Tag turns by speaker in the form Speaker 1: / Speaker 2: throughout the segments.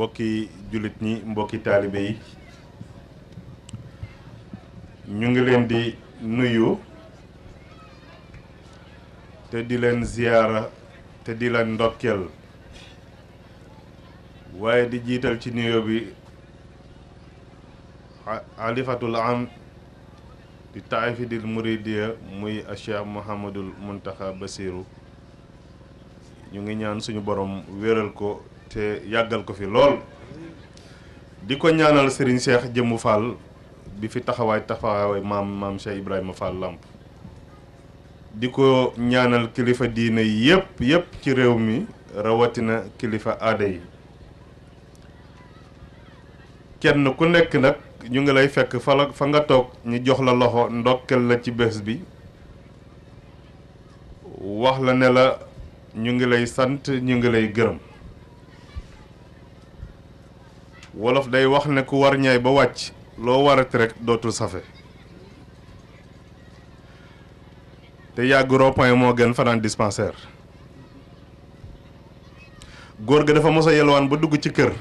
Speaker 1: mbokki julit ñi mbokki taalibe yi ñu ngi leen di nuyu te di leen ziyara te di leen ndokkel waye di jital ci nuyo bi alifatul am di taafidil muridiya muy cheikh mohammedul muntaha basiru ñu ngi ñaan suñu borom wéral ko te yàggal ko fi lool di ko ñaanal Serigne Cheikh Jëmmu Fall bi fi taxawaay taxawaay maam maam Cheikh Ibrahima Fall Lamp di ko ñaanal kilifa diine yëpp yëpp ci réew mi rawatina kilifa aada yi kenn ku nekk nag ñu ngi lay fekk fa fa nga toog ñu jox la loxo ndokkel la ci bés bi wax la ne la ñu ngi lay sant ñu ngi lay gërëm wolof day wax ne ku war ñay ba wàcc loo warati rek dotul safé té yàgg rond-point mo gën fanaan dispensaire gor ga dafa mësa a yelwaan ba dugg ci kër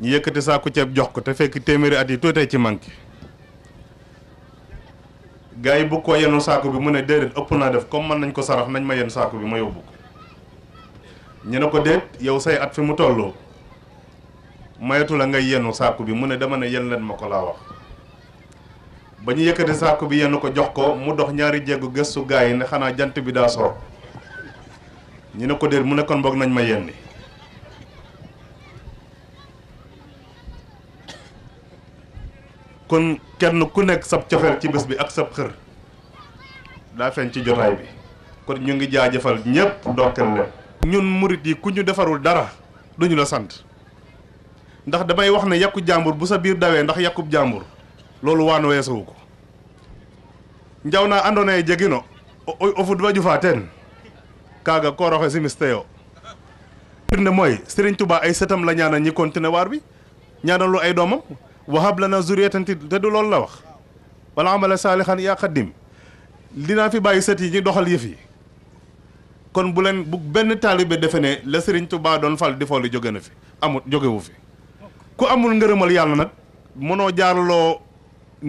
Speaker 1: yëkëti sa ku ci jox ko té fekk téméré at yi tuutee ci manki gaay bu ko yenu saaku bi mu ne déedéet ëpp na def comme man nañ ko sarax nañ ma yenn saaku bi ma yobbu ko ñu ne ko déet yow say at fi mu tollu mayatu la ngay yenu sakku bi mune dama ne yel leen mako la wax bañu ñu sakku bi yenu ko jox ko mu dox ñaari jéggu gëssu gaay yi ne xanaa jant bi da so ñi ne ko der mune kon bok nañ ma yenni kon kenn ku nekk sab ci bës bi ak sab xër da feeñ ci jotay bi kon ñu ngi jaajeufal ñepp ndokkeel le ñun mouride yi ku ñu defarul dara duñu la sant ndax damay wax ne yàqu jàmbur bu sa biir dawee ndax yàqub jàmbur loolu waan weesuwu ko njaw naa andoona jegino o fudba jufa teen kaaga kooroxe simiste yo firnde mooy Serigne tubaa ay setam la ñaanal ñi continué waar bi ñaanalul ay doomam wahab lana zuriyatan te du loolu la wax wala amala saalihan yaa xaddim dinaa fi bàyyi set yi ñu doxal yëf yi kon bu leen bu benn taalibe defe ne la Serigne tubaa doon fal di fooli jóge na fi amut jógewu fi ku amul ngeureumal yalla nak mënoo jaarlo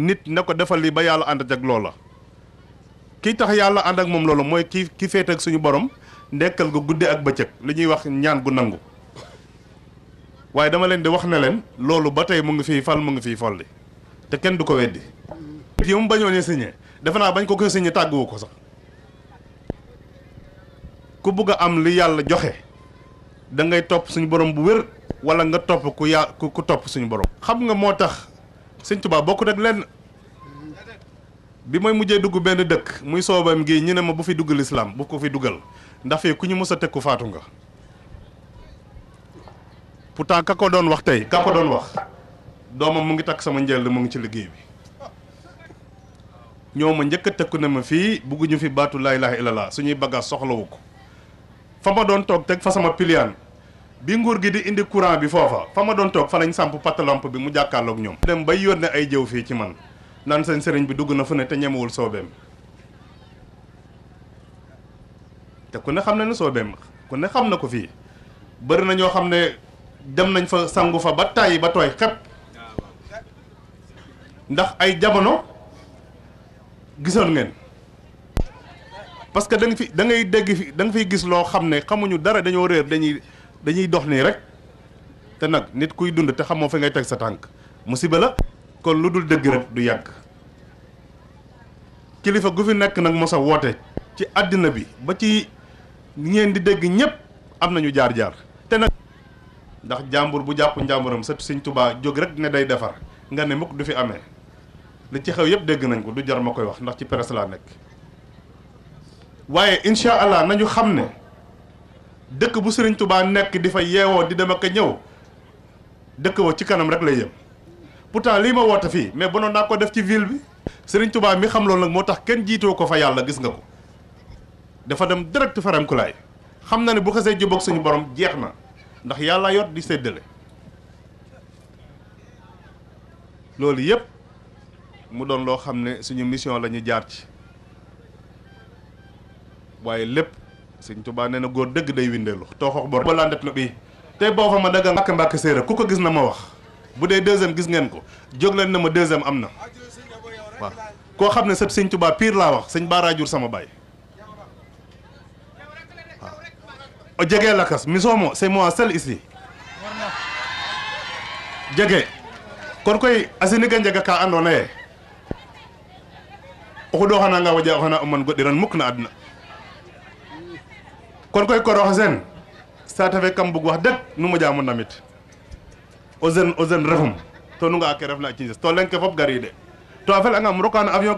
Speaker 1: nit ne ko defal li ba yalla and ak loola ki tax yalla and ak mom loola moy ki ki fet ak suñu borom ndekkal gu gudde ak beccëk li ñuy wax ñaan gu nangu waye dama leen di wax ne leen loolu ba mu ngi fi fal mu ngi fi folli te kenn du weddi yow mu ne signé defe na bañ ko ko signé taggu ko sax ku bëgg am li yalla joxe da ngay top suñu borom bu wër wala nga topp ku ya ku topp suñu borom xam nga moo tax sëñ Tuubaa bokkut ak lenn bi mooy mujjee dugg benn dëkk muy soobam gi ñu ne ma bu fi dugg lislaam bu ko fi dugal ndax fii ku ñu mës a teg ku faatu nga pourtant ka ko doon wax tey ka ko doon wax doomam mu ngi takk sama njël mu ngi ci liggéey bi ñoo ma njëkk a tëkku ne ma fii fi baatu laa ilaaha illallah suñuy bagage soxlawu ko fa ma doon toog fa sama piliyaan bi nguur gi di indi courant bi foofa fa ma doon toog fa lañ samp patalamp bi mu jàkkaarloog ñoom. dem bay yónnee ay jëw fii ci man naan seen sëriñ bi dugg na fu ne te ñemewul soobeem te ku ne xam na ne soobeem ku ne xam na ko fii bari na ñoo xam ne dem nañ fa sangu fa ba tàyyi ba tooy xepp ndax ay jamono gisoon ngeen parce que da nga fi da ngay dégg fi da fiy gis loo xam ne xamuñu dara dañoo réer dañuy. dañuy dox ni rek té nak nit kuy dund té xamoo fa ngay tek sa tank musiba la kon lu deug rek du yag kilifa gu fi nek nak mos a ci adina bi ba ci ngeen di deug ñepp am nañu jaar-jaar té nak ndax jambour bu japp njàmburam sa seigne touba jog rek ne day defar nga ne mukk du fi amé li ci xew yépp dégg nañ ko du jar makoy wax ndax ci presse la nek waye allah nañu xam dëkk bu serigne touba nekk di fa di dem ak ñëw dëkk wo ci kanam rek lay yëm pourtant li ma wota fi mais bonoon naa ko def ci ville bi serigne touba mi xam lool nak motax ken jito ko fa yalla gis nga ko dafa dem direct kulay xam na ni bu xasee jubóog suñu borom jeexna ndax yalla yott di séddale lool yépp mu doon lo xam ne suñu mission lañu jaar ci waye lepp sëñ Tuubaa nee na góor tohok day windeelu tooxoox bor ba landet lu bii tey boo fa ma dagal mbàkk mbàkk séera ku ko gis na ma wax budé deuxième gis ngén ko na ma deuxième amna ko xamné seigne touba pire la wax seigne jur sama bay. waaw jege lakas mi somo c'est moi seul ici djégué kon koy asini ga ka andone eh. yee oxu ɗoxananga waja oxana o man goddi ran mukna adna kon koy korox sen sa tafe kam bug wax deg numo jamo ndamit o jeune refum to nu nga'a ke refna a cinges to too ke fop garide to a fel'angam roka no avion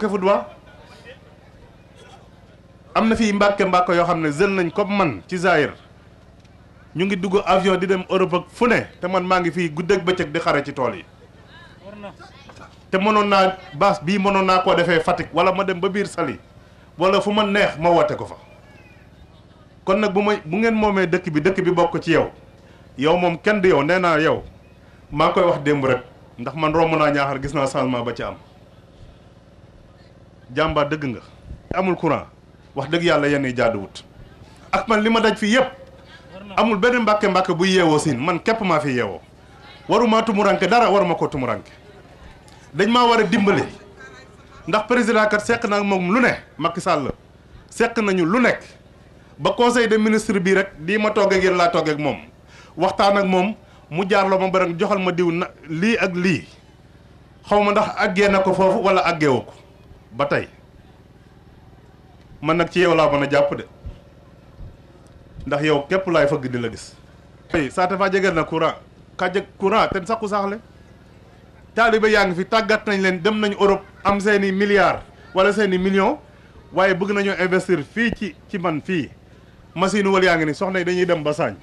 Speaker 1: am na fii mbaak ke yoo xam ne jeune nañ comme man ci Zaire ñu ngi dugg avion di dem Europe fu ne te man maa ngi fii guddeeg bëccëg di xare ci tool yi te mënoon naa baas bii mënoon naa koo defee Fatick wala ma dem ba biir sali wala fu ma neex ma woote ko fa kon nag bu ma bu ngeen moomee dëkk bi dëkk bi bokk ci yow yow moom kenn di yow nee naa yow maa koy wax démb rek ndax man romb naa ñaaxar gis naa changement ba ci am jàmbaar dëgg nga. amul courant wax dëgg yàlla yenn yi jaaduwut ak man li ma daj fii yëpp amul benn mbàkke mbàkke bu yeewoo siin man képp maa fi yeewoo waruma tumuranke dara waruma ko tumuranke dañ maa war a dimbali ndax président kat naa na moom lu ne Macky sàll seq nañu lu nekk. ba conseil de ministre bi rek di ma togg ngir la togg ak mom waxtaan ak mom mu lo ma ba joxal ma diw na ak li xawma ndax agge nako fofu wala agge woko batay man nak ci yow la mën japp de ndax yow kep lay fëgg di la gis. tay sa ta fa na courant ka jeg courant ten sakku saaxle taaliba yaa fi tagat nañ leen dem nañ Europe am seeni milliards wala seeni millions waye bëgg nañu investir fi ci ci man fi machine wal yaa ngi ni soxna yi dañuy dem ba saañ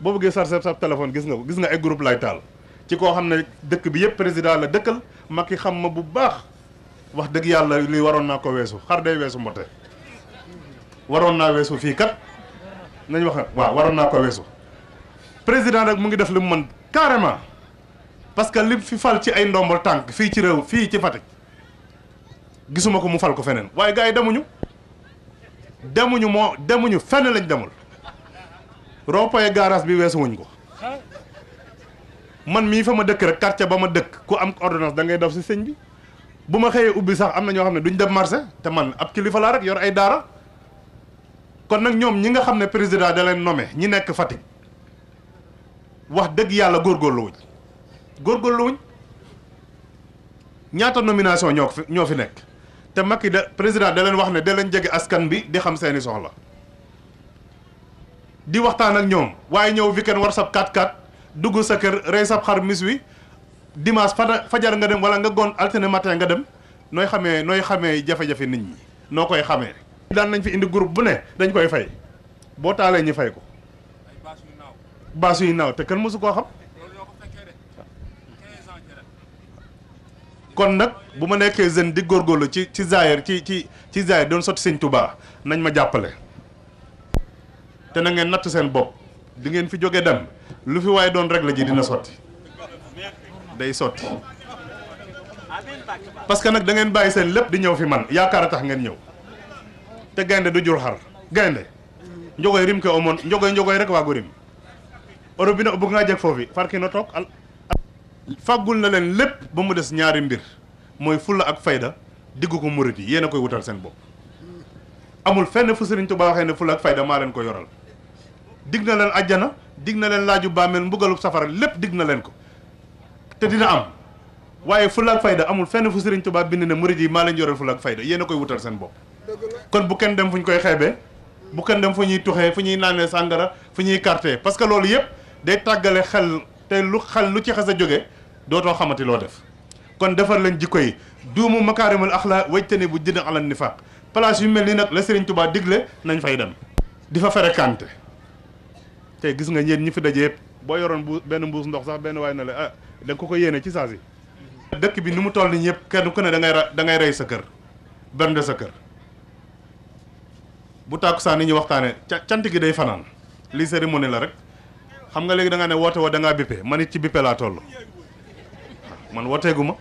Speaker 1: boo bëggee charger sa téléphone gis nga ko gis nga ay groupe lay taal ci koo xam ne dëkk bi yëpp président la dëkkal Macky xam ma bu baax wax dëgg yàlla li waroon naa ko weesu xar day weesu mbote waroon naa weesu fii kat nañ wax waaw waroon naa ko weesu président nag mu ngi def li mu man carrément parce que li fi fal ci ay ndombal tànk fii ci réew fii ci Fatick gisuma ko mu fal ko feneen waaye gars yi demuñu demuñu moo demuñu fenn lañ demul rond-point garage bi weesuwuñ ko man mii fa ma dëkk rek quartier ba ma dëkk ku am ordonnance da ngay def si sëñ bi bu ma xëyee ubbi sax am na ñoo xam ne duñ dem marché te man ab kilifa laa rek yor ay daara kon nag ñoom ñi nga xam ne président da leen nommé ñi nekk Fatick wax dëgg yàlla góorgóorluwuñ góorgóorluwuñ ñaata nomination ñoo fi ñoo fi nekk. te yi da président daleen leen wax ne da leen jege askan bi di xam seeni soxla di waxtaan ak ñoom waaye ñëw weekend war sab 4-4 dugg sa kër rey sab xar mis wi dimanche fajar nga dem wala nga goon altine matin nga dem nooy xamee nooy xamee jafe-jafe nit ñi noo koy xamee daan nañ fi indi group bu ne dañ koy fay boo taalee ñu fay ko baas yu naaw te kenn mësu koo xam kon nag bu ma nekkee jeune di góorgóorlu ci ci zaayir ci ci ci zaayir doon sotti sëñ Touba nañ ma jàppale te na ngeen natt seen bopp di ngeen fi jóge dem lu fi waaye doon règle ji dina sotti day sotti parce que nag da ngeen bàyyi seen lépp di ñëw fi man yaakaar a tax ngeen ñëw te gaynde du jur xar gaynde njogoy rim ke o moon njogoy njogoy rek waago rim o robine o bug nga jeg foofi far kino toog fàggul na leen lépp ba mu des ñaari mbir mooy fulla ak fayda diggu ko murit yi yéen a koy wutal seen bopp amul fenn fu Sëriñ Tuubaa waxee ne fulla ak fayda maa ko yoral dig na leen ajjana dig na leen laaju bàmmeel mbugalu safara lépp dig na leen ko te dina am waaye fulla ak fayda amul fenn fu Sëriñ bind ne murit yi maa leen yoral fulla ak fayda yéen a koy wutal seen bopp kon bu kenn dem fu ñu koy xeebee bu kenn dem fu ñuy tuxee fu ñuy naanee sàngara fu ñuy kartee parce que loolu yëpp day tàggale xel te lu xel lu ci xas a jóge dootoo xamati loo def kon defar lañ jikko yi duumu makaarimul axlaa wajtani bu jënd alal nifaaq place yu mel nii nag la Serigne Touba digle nañ fay dem. di fa fere kante tey gis nga ñeen ñi fi daje yëpp boo yoroon bu benn mbuus ndox sax benn waay na la ah da ko ko yéene ci saa si. dëkk bi ni mu toll nii yëpp kenn ko ne dangay ngay da ngay rey sa kër bernde sa kër bu tàkkusaan ni ñu waxtaanee ca cant gi day fanaan lii cérémonie la rek xam nga léegi da nga ne woote woo da ngaa bippe man it ci bippe laa toll. man woteegu ma